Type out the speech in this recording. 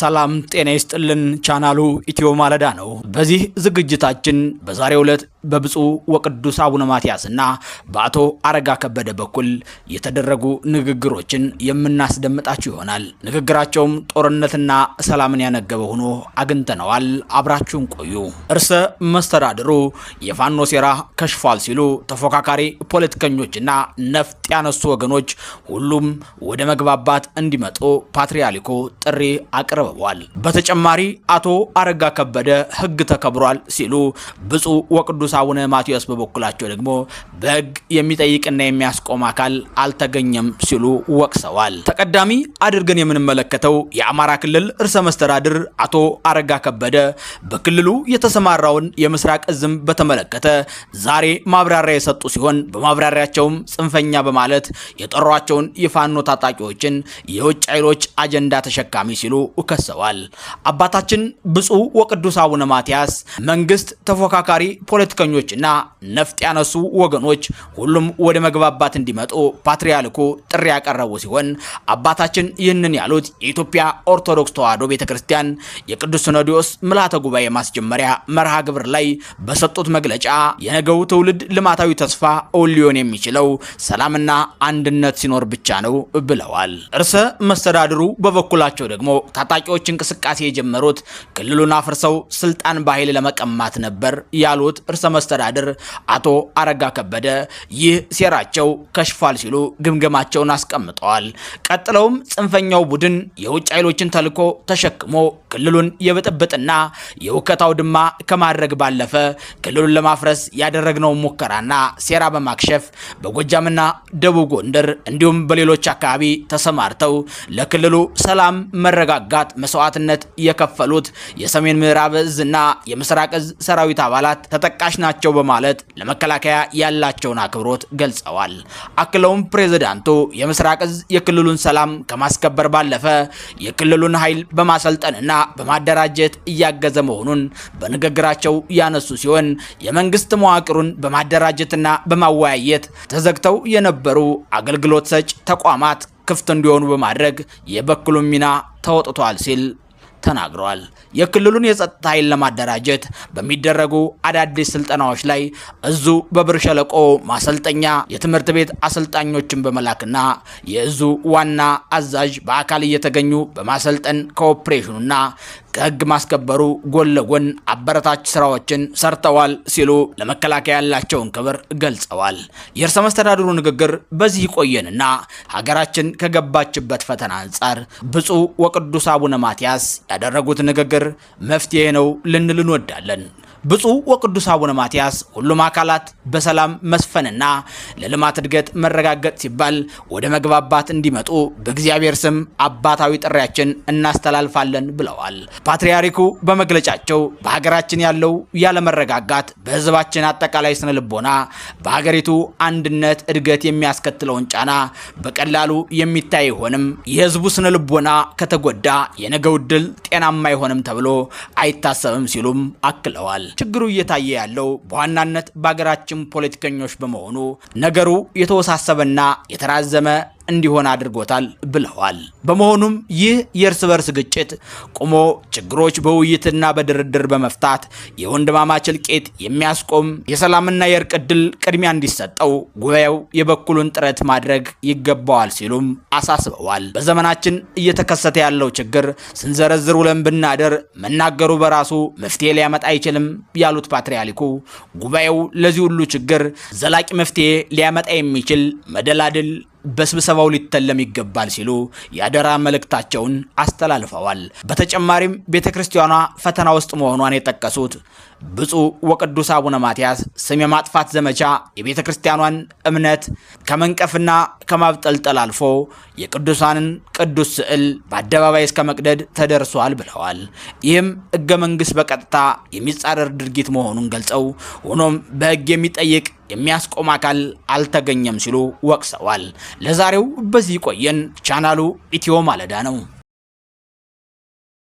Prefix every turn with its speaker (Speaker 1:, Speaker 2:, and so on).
Speaker 1: ሰላም ጤና ይስጥልን። ቻናሉ ኢትዮ ማለዳ ነው። በዚህ ዝግጅታችን በዛሬው ዕለት በብፁዕ ወቅዱስ አቡነ ማትያስና በአቶ አረጋ ከበደ በኩል የተደረጉ ንግግሮችን የምናስደምጣችሁ ይሆናል። ንግግራቸውም ጦርነትና ሰላምን ያነገበ ሆኖ አግኝተነዋል። አብራችሁን ቆዩ። እርሰ መስተዳድሩ የፋኖ ሴራ ከሽፏል ሲሉ ተፎካካሪ ፖለቲከኞችና ነፍጥ ያነሱ ወገኖች ሁሉም ወደ መግባባት እንዲመጡ ፓትርያርኩ ጥሪ አቅር አቅርበዋል። በተጨማሪ አቶ አረጋ ከበደ ህግ ተከብሯል ሲሉ ብፁዕ ወቅዱስ አቡነ ማቴዎስ በበኩላቸው ደግሞ በህግ የሚጠይቅና የሚያስቆም አካል አልተገኘም ሲሉ ወቅሰዋል። ተቀዳሚ አድርገን የምንመለከተው የአማራ ክልል ርዕሰ መስተዳድር አቶ አረጋ ከበደ በክልሉ የተሰማራውን የምስራቅ እዝም በተመለከተ ዛሬ ማብራሪያ የሰጡ ሲሆን በማብራሪያቸውም ጽንፈኛ በማለት የጠሯቸውን የፋኖ ታጣቂዎችን የውጭ ኃይሎች አጀንዳ ተሸካሚ ሲሉ ከሰዋል። አባታችን ብፁዕ ወቅዱስ አቡነ ማትያስ መንግስት፣ ተፎካካሪ ፖለቲከኞችና ነፍጥ ያነሱ ወገኖች ሁሉም ወደ መግባባት እንዲመጡ ፓትርያርኩ ጥሪ ያቀረቡ ሲሆን አባታችን ይህንን ያሉት የኢትዮጵያ ኦርቶዶክስ ተዋሕዶ ቤተ ክርስቲያን የቅዱስ ሲኖዶስ ምልዓተ ጉባኤ ማስጀመሪያ መርሃ ግብር ላይ በሰጡት መግለጫ የነገው ትውልድ ልማታዊ ተስፋ እውን ሊሆን የሚችለው ሰላምና አንድነት ሲኖር ብቻ ነው ብለዋል። እርሰ መስተዳድሩ በበኩላቸው ደግሞ ታጣ ታጣቂዎች እንቅስቃሴ የጀመሩት ክልሉን አፍርሰው ስልጣን በኃይል ለመቀማት ነበር ያሉት እርሰ መስተዳድር አቶ አረጋ ከበደ ይህ ሴራቸው ከሽፏል ሲሉ ግምገማቸውን አስቀምጠዋል። ቀጥለውም ጽንፈኛው ቡድን የውጭ ኃይሎችን ተልኮ ተሸክሞ ክልሉን የብጥብጥና የውከት አውድማ ከማድረግ ባለፈ ክልሉን ለማፍረስ ያደረግነውን ሙከራና ሴራ በማክሸፍ በጎጃምና ደቡብ ጎንደር እንዲሁም በሌሎች አካባቢ ተሰማርተው ለክልሉ ሰላም መረጋጋት አባላት መስዋዕትነት የከፈሉት የሰሜን ምዕራብ እዝ እና የምስራቅ እዝ ሰራዊት አባላት ተጠቃሽ ናቸው በማለት ለመከላከያ ያላቸውን አክብሮት ገልጸዋል። አክለውም ፕሬዝዳንቱ የምስራቅ እዝ የክልሉን ሰላም ከማስከበር ባለፈ የክልሉን ኃይል በማሰልጠንና በማደራጀት እያገዘ መሆኑን በንግግራቸው ያነሱ ሲሆን የመንግስት መዋቅሩን በማደራጀትና በማወያየት ተዘግተው የነበሩ አገልግሎት ሰጭ ተቋማት ክፍት እንዲሆኑ በማድረግ የበኩሉን ሚና ተወጥቷል ሲል ተናግረዋል። የክልሉን የጸጥታ ኃይል ለማደራጀት በሚደረጉ አዳዲስ ስልጠናዎች ላይ እዙ በብር ሸለቆ ማሰልጠኛ የትምህርት ቤት አሰልጣኞችን በመላክና የእዙ ዋና አዛዥ በአካል እየተገኙ በማሰልጠን ከኦፕሬሽኑና ከህግ ማስከበሩ ጎን ለጎን አበረታች ስራዎችን ሰርተዋል ሲሉ ለመከላከያ ያላቸውን ክብር ገልጸዋል። የእርሰ መስተዳድሩ ንግግር በዚህ ይቆየንና ሀገራችን ከገባችበት ፈተና አንጻር ብፁዕ ወቅዱስ አቡነ ማትያስ ያደረጉት ንግግር መፍትሄ ነው ልንል እንወዳለን። ብፁዕ ወቅዱስ አቡነ ማትያስ ሁሉም አካላት በሰላም መስፈንና ለልማት እድገት መረጋገጥ ሲባል ወደ መግባባት እንዲመጡ በእግዚአብሔር ስም አባታዊ ጥሪያችን እናስተላልፋለን ብለዋል። ፓትርያርኩ በመግለጫቸው በሀገራችን ያለው ያለመረጋጋት በህዝባችን አጠቃላይ ስነ ልቦና፣ በሀገሪቱ አንድነት እድገት የሚያስከትለውን ጫና በቀላሉ የሚታይ ሆንም የህዝቡ ስነ ልቦና ከተጎዳ የነገው እድል ጤናማ አይሆንም ተብሎ አይታሰብም ሲሉም አክለዋል። ችግሩ እየታየ ያለው በዋናነት በሀገራችን ፖለቲከኞች በመሆኑ ነገሩ የተወሳሰበና የተራዘመ እንዲሆን አድርጎታል ብለዋል። በመሆኑም ይህ የእርስ በርስ ግጭት ቆሞ ችግሮች በውይይትና በድርድር በመፍታት የወንድማማች እልቂት የሚያስቆም የሰላምና የእርቅ ዕድል ቅድሚያ እንዲሰጠው ጉባኤው የበኩሉን ጥረት ማድረግ ይገባዋል ሲሉም አሳስበዋል። በዘመናችን እየተከሰተ ያለው ችግር ስንዘረዝር ውለን ብናደር መናገሩ በራሱ መፍትሄ ሊያመጣ አይችልም ያሉት ፓትርያርኩ ጉባኤው ለዚህ ሁሉ ችግር ዘላቂ መፍትሄ ሊያመጣ የሚችል መደላድል በስብሰባው ሊተለም ይገባል ሲሉ የአደራ መልእክታቸውን አስተላልፈዋል። በተጨማሪም ቤተ ክርስቲያኗ ፈተና ውስጥ መሆኗን የጠቀሱት ብፁዕ ወቅዱስ አቡነ ማትያስ ስም የማጥፋት ዘመቻ የቤተ ክርስቲያኗን እምነት ከመንቀፍና ከማብጠልጠል አልፎ የቅዱሳንን ቅዱስ ስዕል በአደባባይ እስከ መቅደድ ተደርሷል ብለዋል። ይህም ሕገ መንግሥት በቀጥታ የሚጻረር ድርጊት መሆኑን ገልጸው ሆኖም በሕግ የሚጠይቅ የሚያስቆም አካል አልተገኘም ሲሉ ወቅሰዋል። ለዛሬው በዚህ ቆየን። ቻናሉ ኢትዮ ማለዳ ነው።